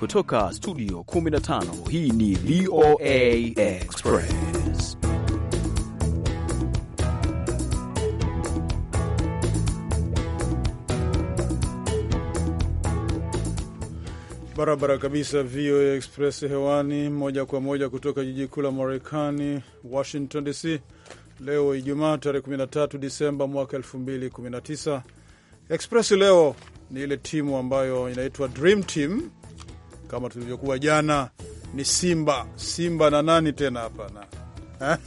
Kutoka studio 15 hii ni VOA Express. Barabara kabisa, VOA Express hewani moja kwa moja kutoka jiji kuu la Marekani, Washington DC. Leo Ijumaa tarehe 13 Disemba mwaka 2019. Express leo ni ile timu ambayo inaitwa Dream Team kama tulivyokuwa jana, ni Simba. Simba na nani tena? Hapana.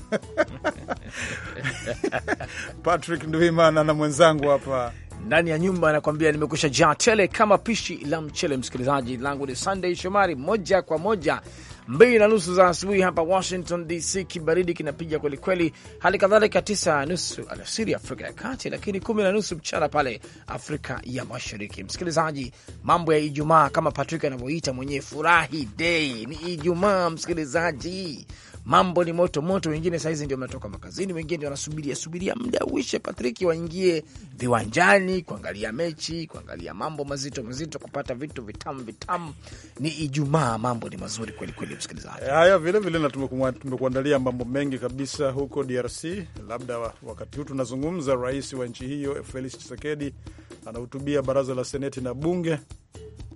Patrick Ndwimana na mwenzangu hapa ndani ya nyumba anakuambia nimekusha jaa tele kama pishi la mchele. Msikilizaji langu ni Sunday Shomari, moja kwa moja mbili na nusu za asubuhi hapa Washington DC, kibaridi kinapiga kwelikweli, hali kadhalika tisa na nusu alasiri Afrika ya Kati, lakini kumi na nusu mchana pale Afrika ya Mashariki. Msikilizaji, mambo ya Ijumaa kama Patrick anavyoita mwenyewe, furahi dei, ni Ijumaa msikilizaji mambo ni moto moto, wengine sahizi ndio mnatoka makazini, wengine wanasubiria subiria muda uishe, Patrick, waingie viwanjani kuangalia mechi, kuangalia mambo mazito mazito, kupata vitu vitamu vitamu. Ni Ijumaa, mambo ni mazuri kweli kweli, msikilizaji. Eh, haya vile vile, na tumekuandalia mambo mengi kabisa huko DRC. Labda wakati huu tunazungumza, rais wa nchi hiyo Felix Tshisekedi anahutubia baraza la seneti na bunge,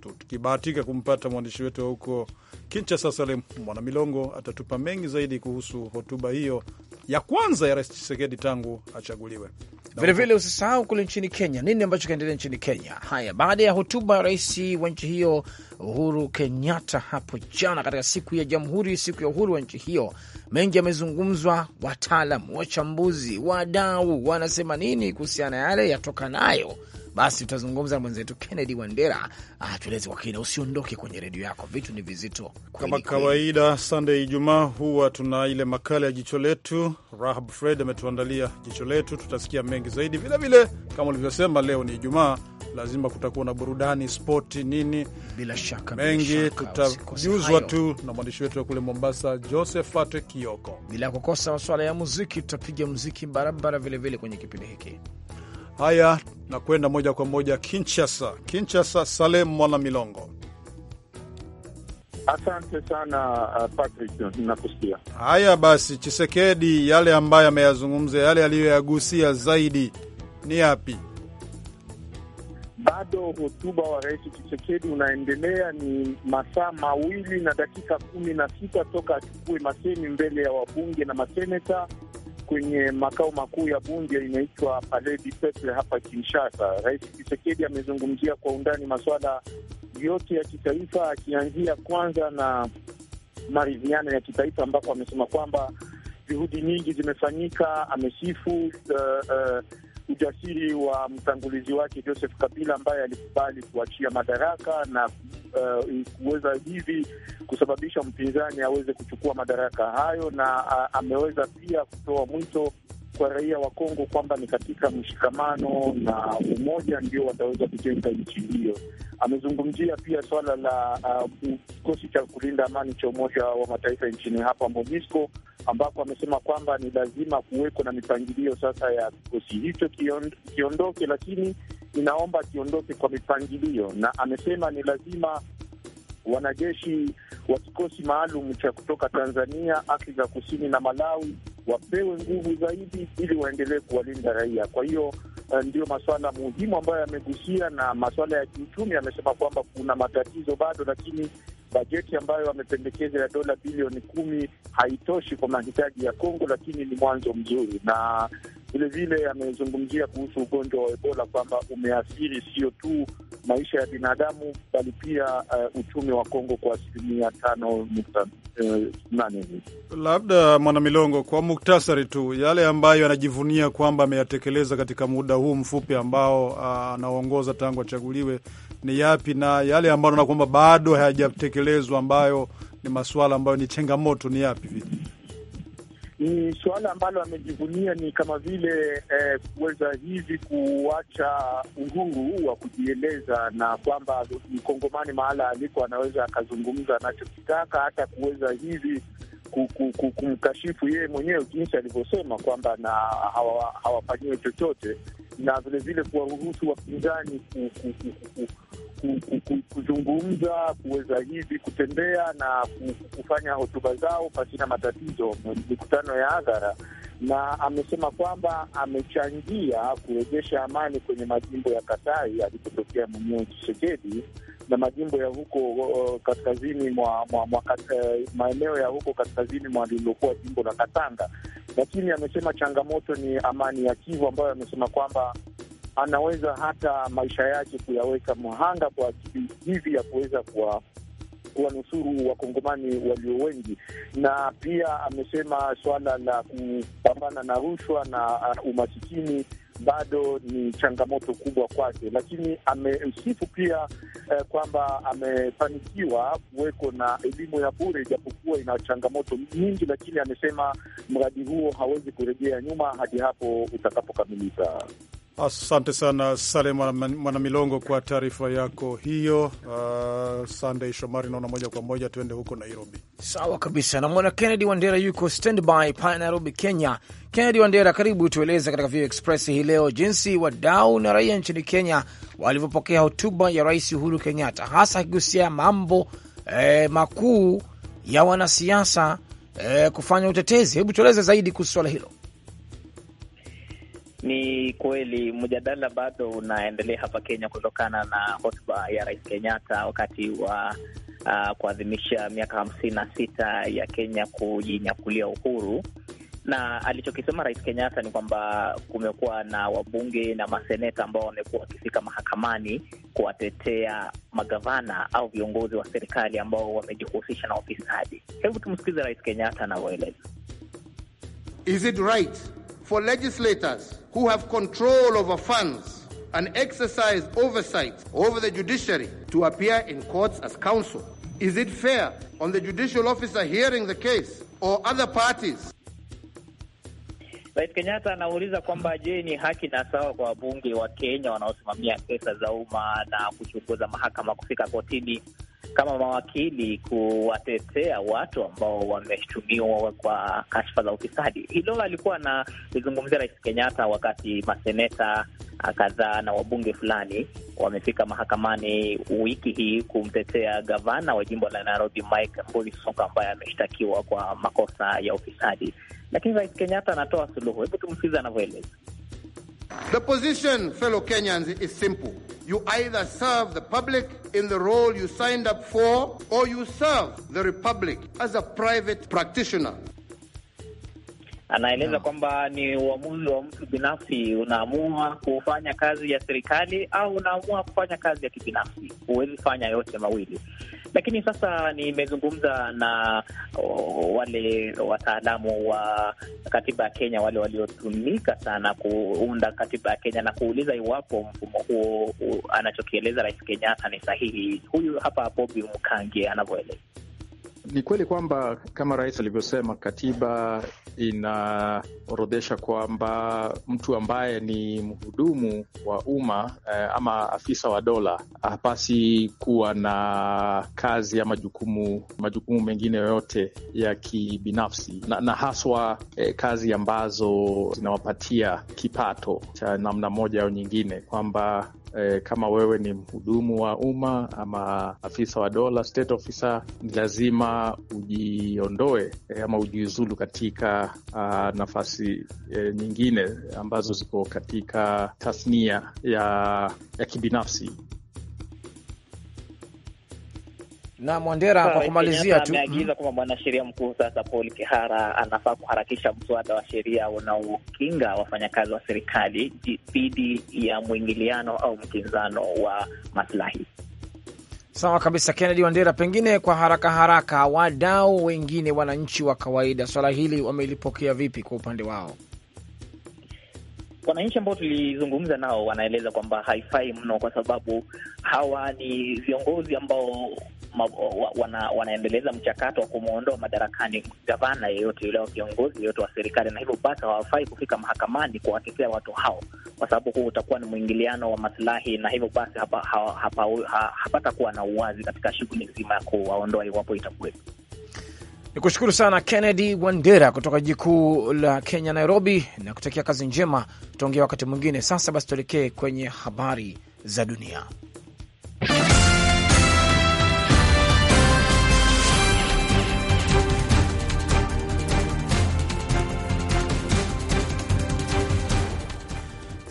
tukibahatika kumpata mwandishi wetu wa huko Kinchasa Salem Mwana Milongo atatupa mengi zaidi kuhusu hotuba hiyo ya kwanza ya Rais chisekedi tangu achaguliwe. Vilevile usisahau kule nchini Kenya, nini ambacho kinaendelea nchini Kenya? Haya, baada ya hotuba ya rais wa nchi hiyo Uhuru Kenyatta hapo jana katika siku ya Jamhuri, siku ya uhuru wa nchi hiyo, mengi yamezungumzwa. Wataalam, wachambuzi, wadau wanasema nini kuhusiana na yale yatokanayo basi tutazungumza na mwenzetu Kennedy Wandera atueleze ah, kwa kina. Usiondoke kwenye redio yako, vitu ni vizito kama kawaida. Sunday Ijumaa huwa tuna ile makala ya jicho letu. Rahab Fred ametuandalia jicho letu, tutasikia mengi zaidi. Vilevile kama ulivyosema, leo ni Ijumaa, lazima kutakuwa na burudani, spoti, nini, bila shaka mengi tutajuzwa tu na mwandishi wetu wa kule Mombasa, Josephat Kioko. Bila kukosa masuala ya muziki, tutapiga muziki barabara vilevile kwenye kipindi hiki. Haya, nakwenda moja kwa moja Kinshasa. Kinshasa, Salem Mwana Milongo. Asante sana uh, Patrick, nakusikia Haya basi, Chisekedi, yale ambayo ameyazungumza, yale aliyoyagusia zaidi ni yapi? Bado hotuba wa rais Chisekedi unaendelea, ni masaa mawili na dakika kumi na sita toka achukue masemi mbele ya wabunge na maseneta kwenye makao makuu ya bunge inaitwa Palais du Peuple hapa Kinshasa. Rais Tshisekedi amezungumzia kwa undani masuala yote ya kitaifa, akianzia kwanza na maridhiano ya kitaifa ambapo amesema kwamba juhudi nyingi zimefanyika. Amesifu uh, uh, ujasiri wa mtangulizi wake Joseph Kabila ambaye alikubali kuachia madaraka na uh, kuweza hivi kusababisha mpinzani aweze kuchukua madaraka hayo, na uh, ameweza pia kutoa mwito kwa raia wa Kongo kwamba ni katika mshikamano na umoja ndio wataweza kujenga nchi hiyo. Amezungumzia pia swala la uh, kikosi uh, cha kulinda amani cha Umoja wa Mataifa nchini hapa MONUSCO, ambapo amesema kwamba ni lazima kuweko na mipangilio sasa ya kikosi hicho kiondoke, lakini inaomba kiondoke kwa mipangilio, na amesema ni lazima wanajeshi wa kikosi maalum cha kutoka Tanzania, Afrika Kusini na Malawi wapewe nguvu zaidi ili waendelee kuwalinda raia. Kwa hiyo eh, ndio masuala muhimu ambayo yamegusia, na masuala ya kiuchumi amesema kwamba kuna matatizo bado, lakini bajeti ambayo wamependekeza ya dola bilioni kumi haitoshi kwa mahitaji ya Kongo, lakini ni mwanzo mzuri na Vilevile amezungumzia kuhusu ugonjwa wa Ebola kwamba umeathiri sio tu maisha ya binadamu bali pia uh, uchumi wa Kongo kwa asilimia tano nukta uh, nane hivi. Labda Mwanamilongo, kwa muktasari tu yale ambayo anajivunia kwamba ameyatekeleza katika muda huu mfupi ambao uh, anaongoza uh, tangu achaguliwe ni yapi, na yale ambayo anaona kwamba bado hayajatekelezwa ambayo ni masuala ambayo ni changamoto ni yapi? Vipi? ni suala ambalo amejivunia ni kama vile eh, kuweza hivi kuacha uhuru wa kujieleza, na kwamba mkongomani mahala aliko anaweza akazungumza anachokitaka, hata kuweza hivi kumkashifu yeye mwenyewe jinsi alivyosema kwamba na hawafanyiwe hawa chochote na vilevile kuwaruhusu wapinzani kuzungumza, kuweza hivi kutembea na kufanya hotuba zao pasina matatizo, mikutano ya hadhara. Na amesema kwamba amechangia kurejesha amani kwenye majimbo ya katai alipotokea mwenyewe Chisekedi na majimbo ya huko uh, kaskazini mwa, mwa, mwa kat, uh, maeneo ya huko kaskazini mwa lililokuwa jimbo la Katanga. Lakini amesema changamoto ni amani ya Kivu, ambayo amesema kwamba anaweza hata maisha yake kuyaweka mhanga kwa ajili hivi ya kuweza kuwa kuwanusuru wakongomani walio wengi, na pia amesema swala la kupambana na rushwa na uh, umasikini bado ni changamoto kubwa kwake, lakini amemsifu pia eh, kwamba amefanikiwa kuweko na elimu ya bure, ijapokuwa ina changamoto nyingi, lakini amesema mradi huo hawezi kurejea nyuma hadi hapo utakapokamilika. Asante sana Sale Mwanamilongo kwa taarifa yako hiyo. Uh, ah, Sunday Shomari, naona moja kwa moja tuende huko Nairobi. Sawa kabisa, namwona Kennedy Wandera yuko standby pale Nairobi, Kenya. Kennedy Wandera, karibu tueleze katika Vio Express hii leo jinsi wadau na raia nchini Kenya walivyopokea hotuba ya Rais Uhuru Kenyatta, hasa akigusia mambo eh, makuu ya wanasiasa eh, kufanya utetezi. Hebu tueleze zaidi kuhusu swala hilo. Ni kweli mjadala bado unaendelea hapa Kenya kutokana na hotuba ya Rais Kenyatta wakati wa uh, kuadhimisha miaka hamsini na sita ya Kenya kujinyakulia uhuru na alichokisema Rais Kenyatta ni kwamba kumekuwa na wabunge na maseneta ambao wamekuwa wakifika mahakamani kuwatetea magavana au viongozi wa serikali ambao wamejihusisha na ufisadi. Hebu tumsikize Rais Kenyatta anavyoeleza. Is it right for legislators who have control over funds and exercise oversight over the judiciary to appear in courts as counsel? Is it fair on the judicial officer hearing the case or other parties? Rais Kenyatta anauliza kwamba je, ni haki na sawa kwa wabunge wa Kenya wanaosimamia pesa za umma na kuchunguza mahakama kufika kotini kama mawakili kuwatetea watu ambao wameshtumiwa kwa kashfa za ufisadi. Hilo alikuwa analizungumzia Rais Kenyatta wakati maseneta ah, kadhaa na wabunge fulani wamefika mahakamani wiki hii kumtetea gavana wa jimbo la Nairobi Mike Mbuvi Sonko ambaye ameshtakiwa kwa makosa ya ufisadi, lakini Rais Kenyatta anatoa suluhu. Hebu tumsikize anavyoeleza. The position fellow Kenyans is simple You either serve the public in the role you signed up for or you serve the republic as a private practitioner. Anaeleza kwamba ni uamuzi wa mtu binafsi. Unaamua kufanya kazi ya serikali au unaamua kufanya kazi ya kibinafsi, huwezi fanya yote mawili. Lakini sasa nimezungumza na uh, wale wataalamu wa katiba ya Kenya, wale waliotumika sana kuunda katiba ya Kenya na kuuliza iwapo mfumo huo uh, anachokieleza Rais Kenyatta ni sahihi. Huyu hapa Bobi Mkangi anavyoeleza. Ni kweli kwamba kama rais alivyosema, katiba inaorodhesha kwamba mtu ambaye ni mhudumu wa umma eh, ama afisa wa dola hapasi kuwa na kazi ama majukumu, majukumu mengine yoyote ya kibinafsi na, na haswa eh, kazi ambazo zinawapatia kipato cha namna moja au nyingine, kwamba eh, kama wewe ni mhudumu wa umma ama afisa wa dola, state officer, ni lazima ujiondoe eh, ama ujiuzulu katika uh, nafasi eh, nyingine ambazo ziko katika tasnia ya, ya kibinafsi na Mwandera, kwa kumalizia tu, ameagiza mm. kwamba mwanasheria mkuu sasa Paul Kihara anafaa kuharakisha mswada wa sheria unaokinga wafanyakazi wa serikali dhidi ya mwingiliano au mkinzano wa maslahi. Sawa kabisa, Kennedy Wandera. Pengine kwa haraka haraka, wadau wengine, wananchi wa kawaida, swala hili wamelipokea vipi kwa upande wao? Wananchi ambao tulizungumza nao wanaeleza kwamba haifai mno, kwa sababu hawa ni viongozi ambao ma, wana, wanaendeleza mchakato wa kumwondoa madarakani gavana yeyote yule au kiongozi yeyote wa serikali, na hivyo basi hawafai kufika mahakamani kuwatetea watu hao, kwa sababu huu utakuwa ni mwingiliano wa maslahi, na hivyo basi hapa, hapa, hapa, hapatakuwa na uwazi katika shughuli nzima ya kuwaondoa iwapo itakuwepo. Ni kushukuru sana Kennedy Wandera kutoka jiji kuu la Kenya, Nairobi, na kutakia kazi njema. Tutaongea wakati mwingine. Sasa basi, tuelekee kwenye habari za dunia.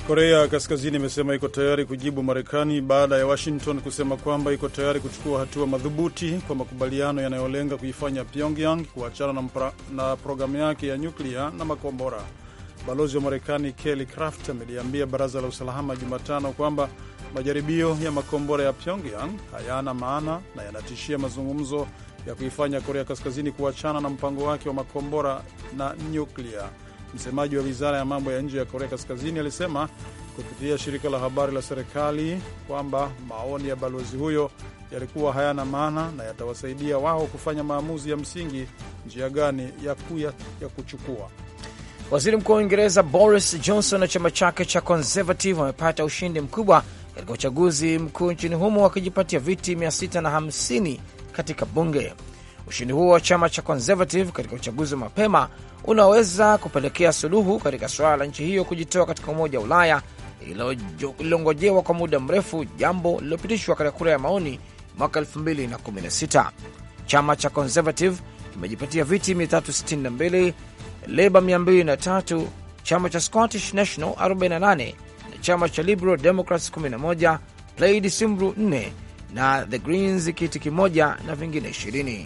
Korea Kaskazini imesema iko tayari kujibu Marekani baada ya Washington kusema kwamba iko tayari kuchukua hatua madhubuti kwa makubaliano yanayolenga kuifanya Pyongyang kuachana na, na programu yake ya nyuklia na makombora. Balozi wa Marekani Kelly Craft ameliambia baraza la usalama Jumatano kwamba majaribio ya makombora ya Pyongyang hayana maana na yanatishia mazungumzo ya kuifanya Korea Kaskazini kuachana na mpango wake wa makombora na nyuklia. Msemaji wa wizara ya mambo ya nje ya Korea Kaskazini alisema kupitia shirika la habari la serikali kwamba maoni ya balozi huyo yalikuwa hayana maana na yatawasaidia wao kufanya maamuzi ya msingi njia gani ya kuya ya kuchukua. Waziri Mkuu wa Uingereza Boris Johnson na chama chake cha Conservative wamepata ushindi mkubwa katika uchaguzi mkuu nchini humo wakijipatia viti 650 katika bunge. Ushindi huo wa chama cha Conservative katika uchaguzi wa mapema unaweza kupelekea suluhu katika suala la nchi hiyo kujitoa katika Umoja wa Ulaya ililongojewa kwa muda mrefu, jambo lililopitishwa katika kura ya maoni mwaka 2016. Chama cha Conservative kimejipatia viti 362, Leba 203, chama cha Scottish National 48 na chama cha Liberal Democrats 11, Plaid Cymru 4 na The Greens kiti kimoja na vingine 20.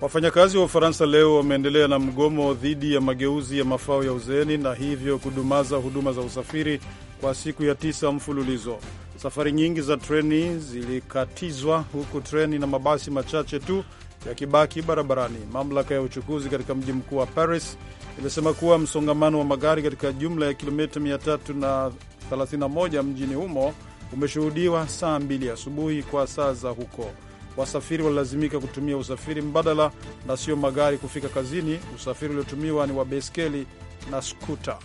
Wafanyakazi wa Ufaransa leo wameendelea na mgomo dhidi ya mageuzi ya mafao ya uzeeni na hivyo kudumaza huduma za usafiri kwa siku ya tisa mfululizo. Safari nyingi za treni zilikatizwa huku treni na mabasi machache tu yakibaki barabarani. Mamlaka ya uchukuzi katika mji mkuu wa Paris imesema kuwa msongamano wa magari katika jumla ya kilomita 331 mjini humo umeshuhudiwa saa 2 asubuhi kwa saa za huko wasafiri walilazimika kutumia usafiri mbadala na sio magari kufika kazini. Usafiri uliotumiwa ni wa beskeli na skuta.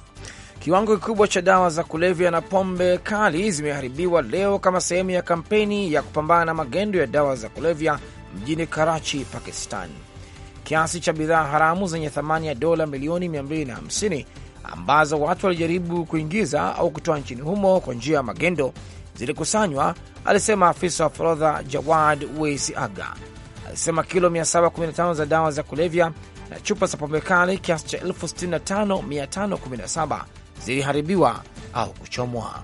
Kiwango kikubwa cha dawa za kulevya na pombe kali zimeharibiwa leo kama sehemu ya kampeni ya kupambana na magendo ya dawa za kulevya mjini Karachi, Pakistan. Kiasi cha bidhaa haramu zenye thamani ya dola milioni 250 ambazo watu walijaribu kuingiza au kutoa nchini humo kwa njia ya magendo zilikusanywa, alisema afisa wa forodha Jawad Weisi Aga. Alisema kilo 715 za dawa za kulevya na chupa za pombe kali kiasi cha 65517 ziliharibiwa au kuchomwa.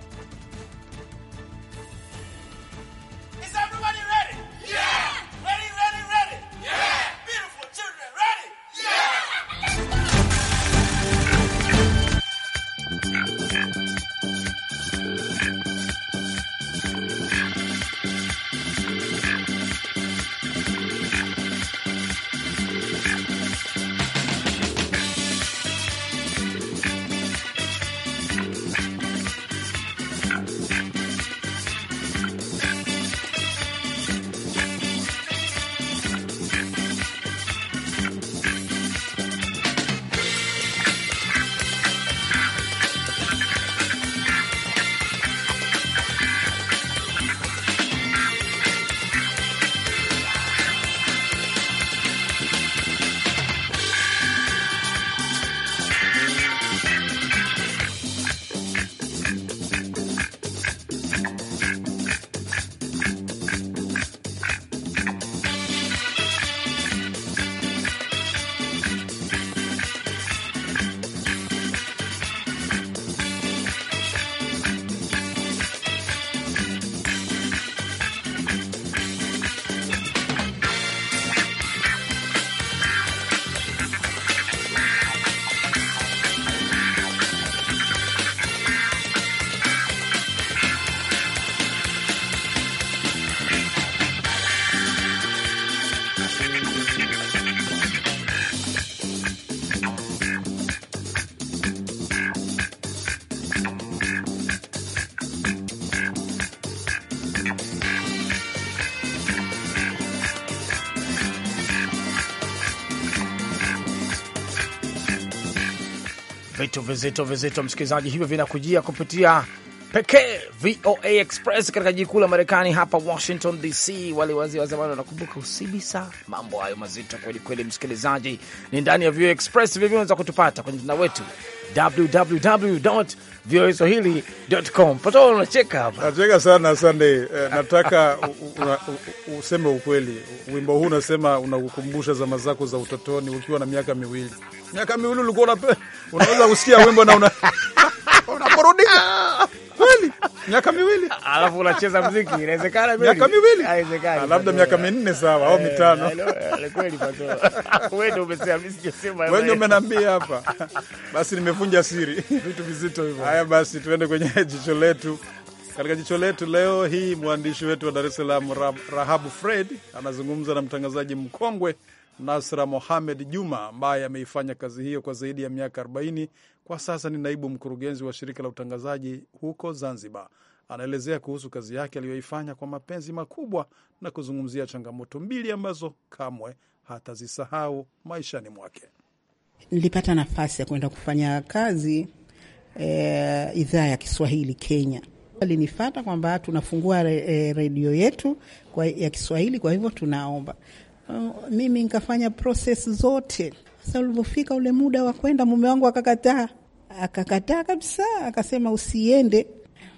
vitu vizito vizito, msikilizaji, hivyo vinakujia kupitia pekee VOA Express katika jiji kuu la Marekani hapa Washington DC. Wale wazee wa zamani wanakumbuka usibisa. Mambo hayo mazito kweli kweli, msikilizaji, ni ndani ya VOA Express. Vivyo unaweza kutupata kwenye mtandao wetu www VOA Swahili.com. Pato, unacheka hapa. Nacheka sana Sunday. Eh, nataka useme ukweli. Wimbo huu unasema unakukumbusha zama zako za utotoni ukiwa na miaka miwili. Miaka miwili ulikuwa unaweza kusikia wimbo na una miaka miwili alafu unacheza mziki, inawezekana? miaka miwili ah, labda miaka minne sawa, au mitano. Eh, eh, eh, kweli umenambia hapa. Basi nimevunja siri, vitu vizito hivyo. Haya basi, tuende kwenye jicho letu. Katika jicho letu leo hii mwandishi wetu wa Dar es Salaam Rahabu Fred anazungumza na mtangazaji mkongwe Nasra Mohamed Juma ambaye ameifanya kazi hiyo kwa zaidi ya miaka 40. Kwa sasa ni naibu mkurugenzi wa shirika la utangazaji huko Zanzibar. Anaelezea kuhusu kazi yake aliyoifanya kwa mapenzi makubwa na kuzungumzia changamoto mbili ambazo kamwe hatazisahau maishani mwake. Nilipata nafasi ya kwenda kufanya kazi e, idhaa ya Kiswahili Kenya alinifata kwamba tunafungua eh, redio yetu kwa, ya Kiswahili. Kwa hivyo tunaomba Uh, mimi nikafanya proses zote. Sasa ulivyofika ule muda wa kwenda, mume wangu akakataa, akakataa kabisa, akasema usiende.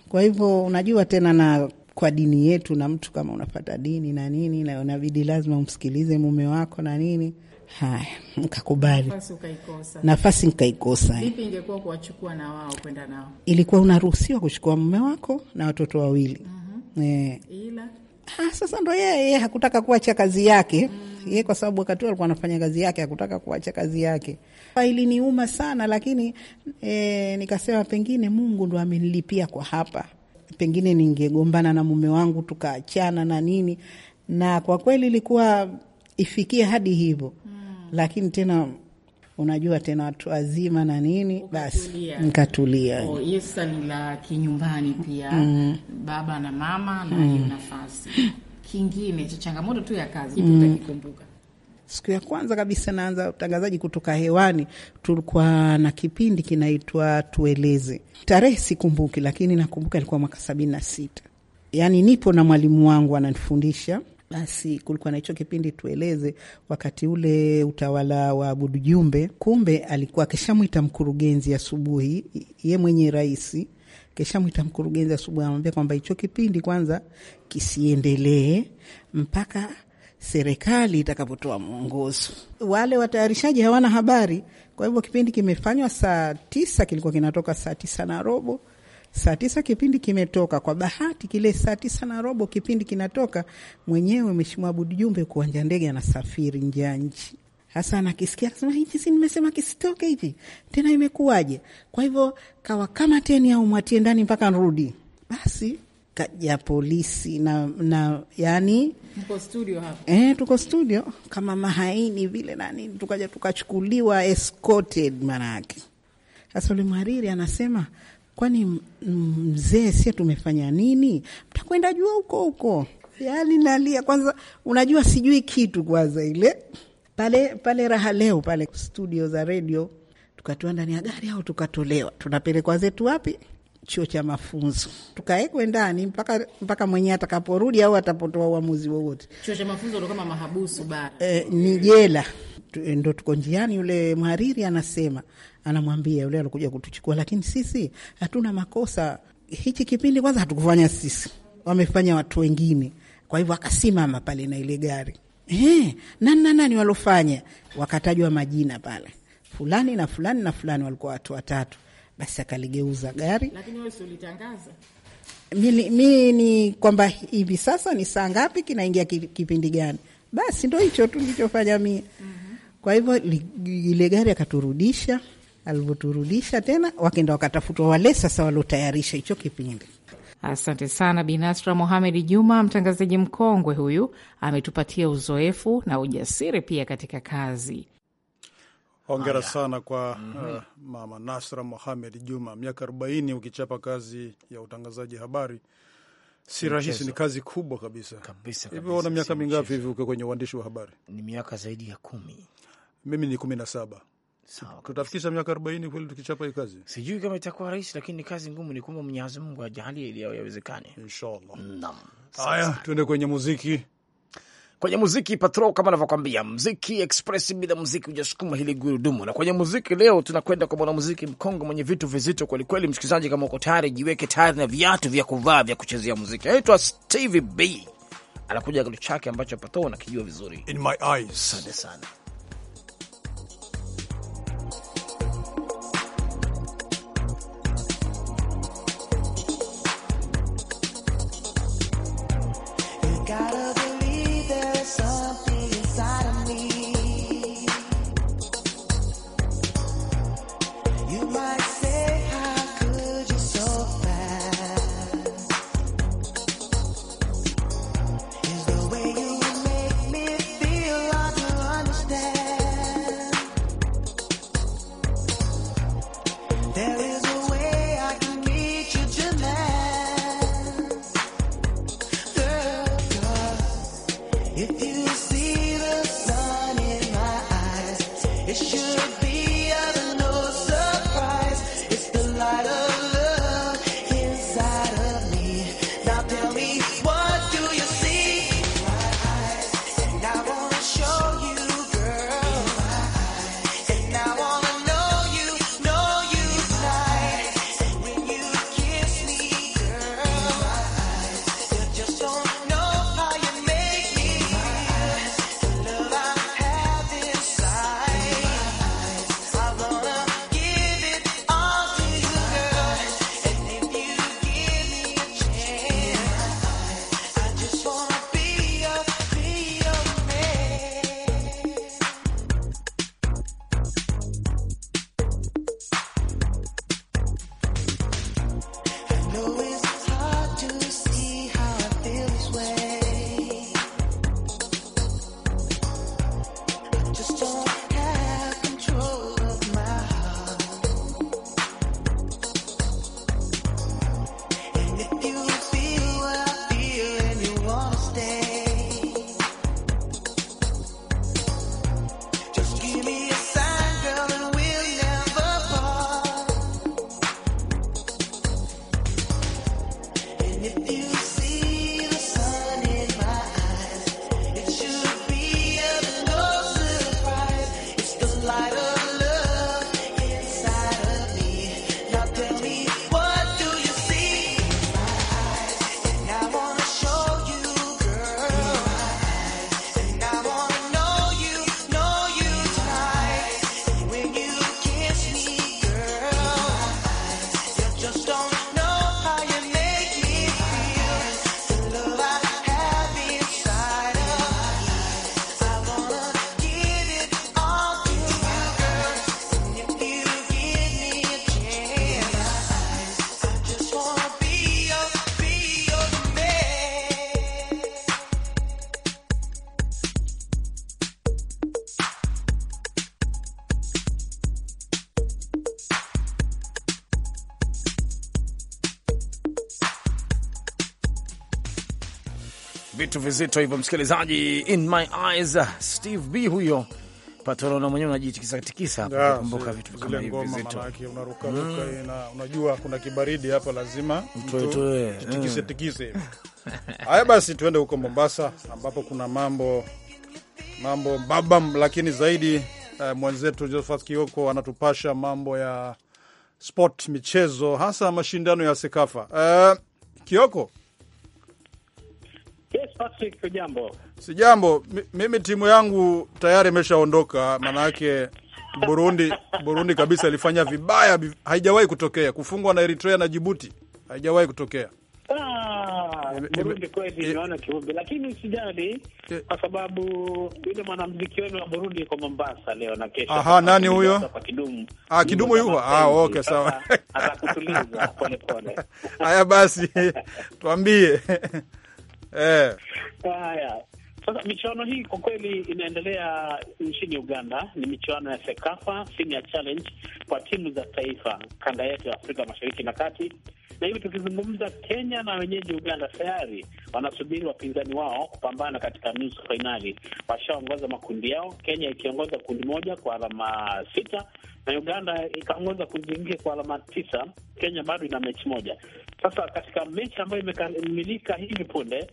Kwa hivyo unajua tena na kwa dini yetu na mtu kama unapata dini na nini na unabidi lazima umsikilize mume wako na nini. Haya, nkakubali nafasi nkaikosa. Vipi ingekuwa kuwachukua na wao kwenda nao? Ilikuwa unaruhusiwa kuchukua mume wako na watoto wawili. uh -huh. E, ila Ah, sasa ndo yeye ye hakutaka kuacha kazi yake ye kwa sababu wakati alikuwa anafanya kazi yake, hakutaka kuacha kazi yake. Iliniuma sana lakini e, nikasema pengine Mungu ndo amenilipia kwa hapa, pengine ningegombana na mume wangu tukaachana na nini, na kwa kweli ilikuwa ifikie hadi hivyo, hmm. lakini tena unajua tena watu wazima na nini, basi nikatulia. Oh, la kinyumbani pia mm. baba na mama na mm. nafasi kingine cha changamoto tu ya kazi mm. utakikumbuka Siku ya kwanza kabisa naanza utangazaji kutoka hewani, tulikuwa na kipindi kinaitwa Tueleze. Tarehe sikumbuki, lakini nakumbuka ilikuwa mwaka sabini na sita. yani nipo na mwalimu wangu ananifundisha, basi kulikuwa na hicho kipindi tueleze, wakati ule utawala wa abudu Jumbe, kumbe alikuwa akishamwita mkurugenzi asubuhi, ye mwenye rais kishamwita mkurugenzi asubuhi, anamwambia kwamba hicho kipindi kwanza kisiendelee mpaka serikali itakapotoa mwongozo. Wale watayarishaji hawana habari, kwa hivyo kipindi kimefanywa saa tisa, kilikuwa kinatoka saa tisa na robo saa tisa kipindi kimetoka. Kwa bahati kile saa tisa na robo kipindi kinatoka, mwenyewe Mheshimiwa Aboud Jumbe kuwanja ndege anasafiri nje ya nchi hasa nakisikia nasema, hivi, si nimesema kisitoke hivi tena, imekuwaje? Kwa hivyo kawa kama teni au mwatie ndani mpaka nrudi. Basi kaja polisi na, na yani tuko studio hapo eh, tuko studio kama mahaini vile na nini, tukaja tukachukuliwa escorted, maana yake sasa ule mhariri anasema kwani mzee sie tumefanya nini? Mtakwenda jua huko huko. Yani nalia kwanza, unajua sijui kitu kwanza. Ile pale pale raha leo pale studio za redio, tukatua ndani ya gari au tukatolewa, tunapelekwa zetu wapi? Chuo cha mafunzo, tukawekwe ndani mpaka mpaka mwenyewe atakaporudi au atapotoa uamuzi wowote. Chuo cha mafunzo kama mahabusu bara, eh, ni jela Eh, ndo tuko njiani, yule mhariri anasema, anamwambia yule alokuja kutuchukua, lakini sisi hatuna makosa. Hichi kipindi kwanza hatukufanya sisi, wamefanya watu wengine. Kwa hivyo akasimama pale na ile gari eh, nani na nani walofanya, wakatajwa majina pale, fulani na fulani na fulani, walikuwa watu watatu. Basi akaligeuza gari. Lakini wewe si ulitangaza mi ni kwamba hivi sasa ni saa ngapi kinaingia kipindi gani? Basi ndo hicho tu nilichofanya mie. mm. Kwa hivyo ile gari akaturudisha. Alivyoturudisha tena, wakenda wakatafutwa wale sasa waliotayarisha hicho kipindi. Asante sana Binasra Mohamed Juma, mtangazaji mkongwe huyu, ametupatia uzoefu na ujasiri pia katika kazi. Hongera sana kwa mm -hmm. uh, mama Nasra Mohamed Juma, miaka arobaini ukichapa kazi ya utangazaji habari si rahisi, ni kazi kubwa kabisa. Hivyo una miaka mingapi hivi uko kwenye uandishi wa habari? Ni miaka zaidi ya kumi mimi ni kumi na saba. tutafikisha miaka arobaini kweli tukichapa hii kazi. Sijui kama itakuwa rahisi, lakini ni kazi ngumu, ni kumba Mwenyezi Mungu ajalie ili yawezekane, inshallah. Naam, haya tuende kwenye muziki kwenye muziki Patro, kama anavyokwambia mziki express, bila muziki hujasukuma hili gurudumu. Na kwenye muziki leo tunakwenda kwa mwanamuziki mkongo mwenye vitu vizito kwelikweli. Msikilizaji, kama uko tayari, jiweke tayari na viatu vya kuvaa vya kuchezea muziki. Anaitwa Stevie B, anakuja kitu chake ambacho Patro anakijua vizuri, in my eyes. Asante sana. vitu vizito hivyo, msikilizaji. In my eyes, Steve B huyo patrona mwenyewe unajitikisa tikisa, ah, kumbuka vitu kama hivi vizito, unaruka mm. ruka, unajua kuna kibaridi hapa, lazima mtu eh. tikise tikise. Haya basi, tuende huko Mombasa ambapo kuna mambo mambo babam, lakini zaidi eh, mwenzetu Josephat Kioko anatupasha mambo ya sport, michezo, hasa mashindano ya Sekafa. Eh, Kioko, Patrick, jambo? Si jambo, mimi timu yangu tayari imeshaondoka, maanake Burundi Burundi kabisa ilifanya vibaya, haijawahi kutokea kufungwa na Eritrea na Jibuti, haijawahi kutokea. Ah, Burundi kweli lakini usijali kwa sababu yule wenu wa Burundi yuko Mombasa leo na kesho. Aha, nani huyo? Kidumu. Ah, Kidumu yuko. Ah, okay, sawa. Atakutuliza Haya basi, tuambie eh. Haya, sasa michuano hii kwa kweli inaendelea nchini Uganda. Ni michuano ya Sekafa Senior Challenge kwa timu za taifa kanda yetu ya Afrika Mashariki na Kati, na hivi tukizungumza, Kenya na wenyeji Uganda tayari wanasubiri wapinzani wao kupambana katika nusu fainali. Washaongoza makundi yao, Kenya ikiongoza kundi moja kwa alama sita na Uganda ikaongoza kuingia kwa alama tisa. Kenya bado ina mechi moja. Sasa katika mechi ambayo imekamilika hivi punde,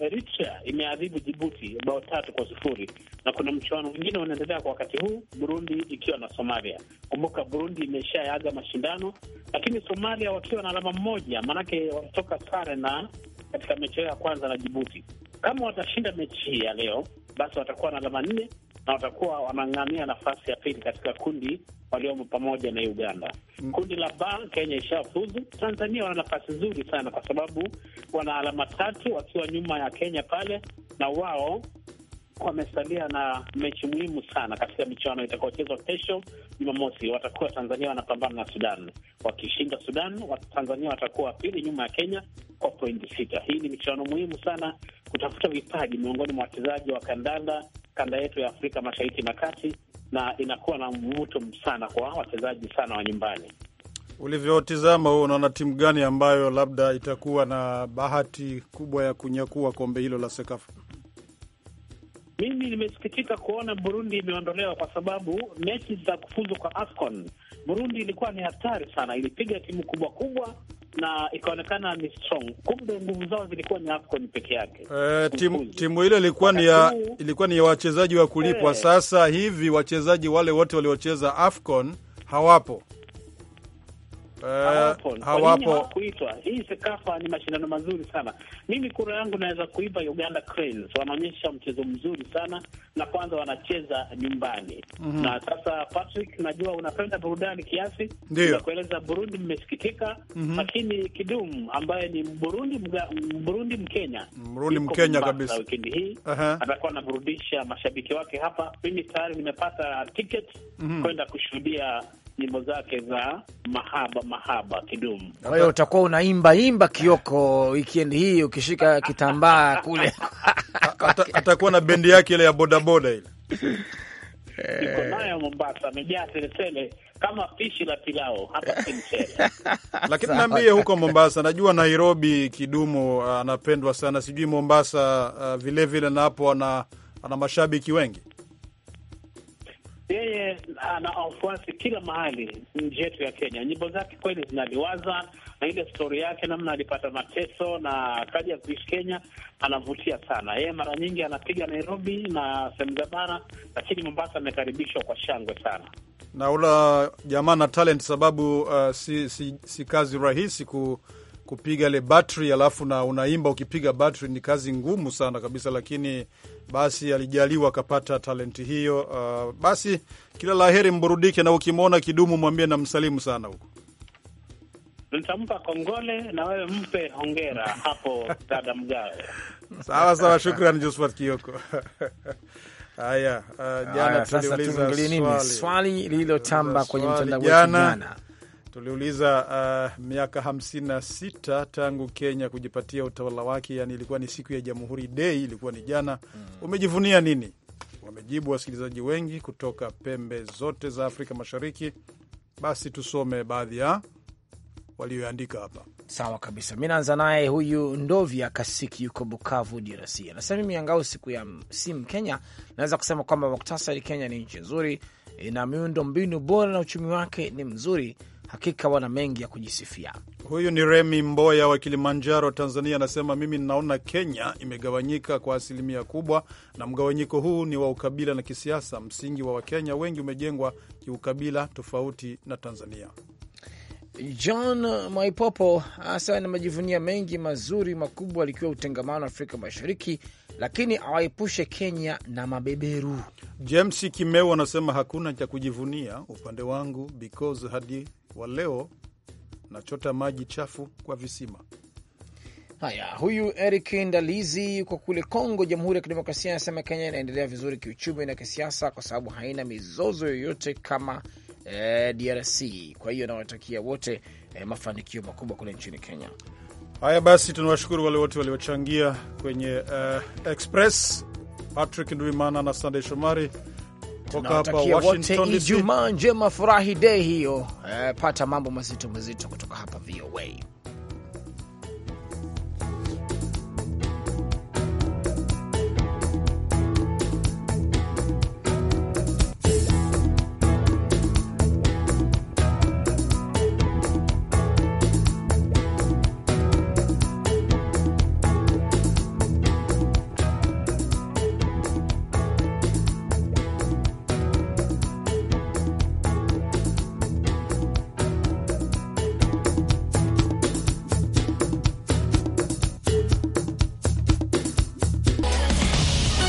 Eritrea imeadhibu Jibuti bao tatu kwa sufuri na kuna mchuano mwingine unaendelea kwa wakati huu, Burundi ikiwa na Somalia. Kumbuka Burundi imeshaaga mashindano, lakini Somalia wakiwa na alama moja, maanake walitoka sare na katika mechi yao ya kwanza na Jibuti. Kama watashinda mechi hii ya leo, basi watakuwa na alama nne na watakuwa wanang'ania nafasi ya pili katika kundi waliomo pamoja na Uganda. Mm. Kundi la ba Kenya ishafuzu. Tanzania wana nafasi nzuri sana, kwa sababu wana alama tatu wakiwa nyuma ya Kenya pale, na wao wamesalia na mechi muhimu sana katika michuano itakaochezwa kesho Jumamosi. Watakuwa Tanzania wanapambana na Sudan. Wakishinda Sudan, Tanzania watakuwa pili nyuma ya Kenya kwa pointi sita. Hii ni michuano muhimu sana kutafuta vipaji miongoni mwa wachezaji wa kandanda kanda yetu ya Afrika Mashariki na Kati na inakuwa na mvuto sana kwa wachezaji sana wa nyumbani. Ulivyotizama huo, unaona timu gani ambayo labda itakuwa na bahati kubwa ya kunyakua kombe hilo la Sekafa? Mimi nimesikitika kuona Burundi imeondolewa kwa sababu mechi za kufuzu kwa AFCON Burundi ilikuwa ni hatari sana, ilipiga timu kubwa kubwa na ikaonekana ni strong, kumbe nguvu zao zilikuwa ni AFCON peke yake. E, eh, timu, timu ile ilikuwa ni ya ilikuwa ni ya wachezaji wa kulipwa. Eh. Sasa hivi wachezaji wale wote waliocheza AFCON hawapo Uh, hawapo kuitwa. Hii Sekafa ni mashindano mazuri sana. Mimi kura yangu naweza kuipa Uganda Cranes, wanaonyesha mchezo mzuri sana na kwanza wanacheza nyumbani. mm -hmm. Na sasa Patrick, najua unapenda burudani kiasi, ndio kueleza Burundi mmesikitika. mm -hmm. Lakini Kidum ambaye ni Burundi mga, Burundi Mkenya, Burundi Mkenya kabisa, wikendi hii uh -huh. atakuwa anaburudisha mashabiki wake hapa. Mimi tayari nimepata ticket mm -hmm. kwenda kushuhudia nyimbo zake za mahaba mahaba kidumu. Kwa hiyo utakuwa unaimba imba Kioko wikendi hii ukishika kitambaa kule atakuwa na bendi yake ile ya bodaboda ile iko eh. nayo Mombasa, amejaa selesele kama pishi la pilau hapa si mchele. Lakini naambie huko Mombasa, najua Nairobi kidumu uh, anapendwa sana, sijui Mombasa vilevile, uh, vile na hapo ana, ana mashabiki wengi yeye ana wafuasi kila mahali nchi yetu ya Kenya. Nyimbo zake kweli zinaliwaza, na ile stori yake namna alipata mateso na kaja kuishi Kenya anavutia sana. Yeye mara nyingi anapiga Nairobi na sehemu za bara, lakini Mombasa amekaribishwa kwa shangwe sana na ula jamaa na talent, sababu uh, si, si, si kazi rahisi ku kupiga ile battery, alafu na unaimba ukipiga battery ni kazi ngumu sana kabisa, lakini basi alijaliwa akapata talenti hiyo. Uh, basi kila laheri, mburudike na ukimwona Kidumu mwambie na msalimu sana huko nitampa kongole na wewe mpe hongera hapo dada Mgawe. Sawa sawa, shukran Josphat Kioko. Haya, uh, jana tuliuliza swali, swali lililotamba kwenye mtandao wetu jana Tuliuliza uh, miaka 56 tangu Kenya kujipatia utawala wake, yani ilikuwa ni siku ya Jamhuri Dei, ilikuwa ni jana mm. Umejivunia nini? Wamejibu wasikilizaji wengi kutoka pembe zote za Afrika Mashariki. Basi tusome baadhi ya walioandika hapa. Sawa kabisa, mi naanza naye huyu Ndovya Kasiki, yuko Bukavu, DRC. Anasema mimi angao siku ya simu Kenya, naweza kusema kwamba muktasari, Kenya ni nchi nzuri, ina miundo mbinu bora na uchumi wake ni mzuri hakika wana mengi ya kujisifia. Huyu ni Remi Mboya wa Kilimanjaro, Tanzania, anasema mimi ninaona Kenya imegawanyika kwa asilimia kubwa, na mgawanyiko huu ni wa ukabila na kisiasa. Msingi wa Wakenya wengi umejengwa kiukabila, tofauti na Tanzania. John Mwaipopo hasa na majivunia mengi mazuri makubwa likiwa utengamano wa Afrika Mashariki, lakini awaepushe Kenya na mabeberu. James Kimeu anasema hakuna cha kujivunia upande wangu because hadi wa leo nachota maji chafu kwa visima. Haya, huyu Eric Ndalizi yuko kule Kongo, Jamhuri ya Kidemokrasia, anasema Kenya inaendelea vizuri kiuchumi na kisiasa kwa sababu haina mizozo yoyote kama eh, DRC. Kwa hiyo nawatakia wote eh, mafanikio makubwa kule nchini Kenya. Haya basi, tunawashukuru wale wote waliochangia kwenye uh, Express, Patrick Nduimana na Sandey Shomari kutoka hapa Washington DC. Ijumaa njema, furahi day hiyo. Eh, pata mambo mazito mazito kutoka hapa VOA.